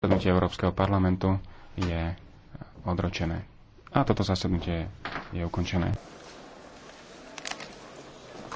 Zasadnutie Európskeho parlamentu je odročené. A toto zasadnutie je ukončené.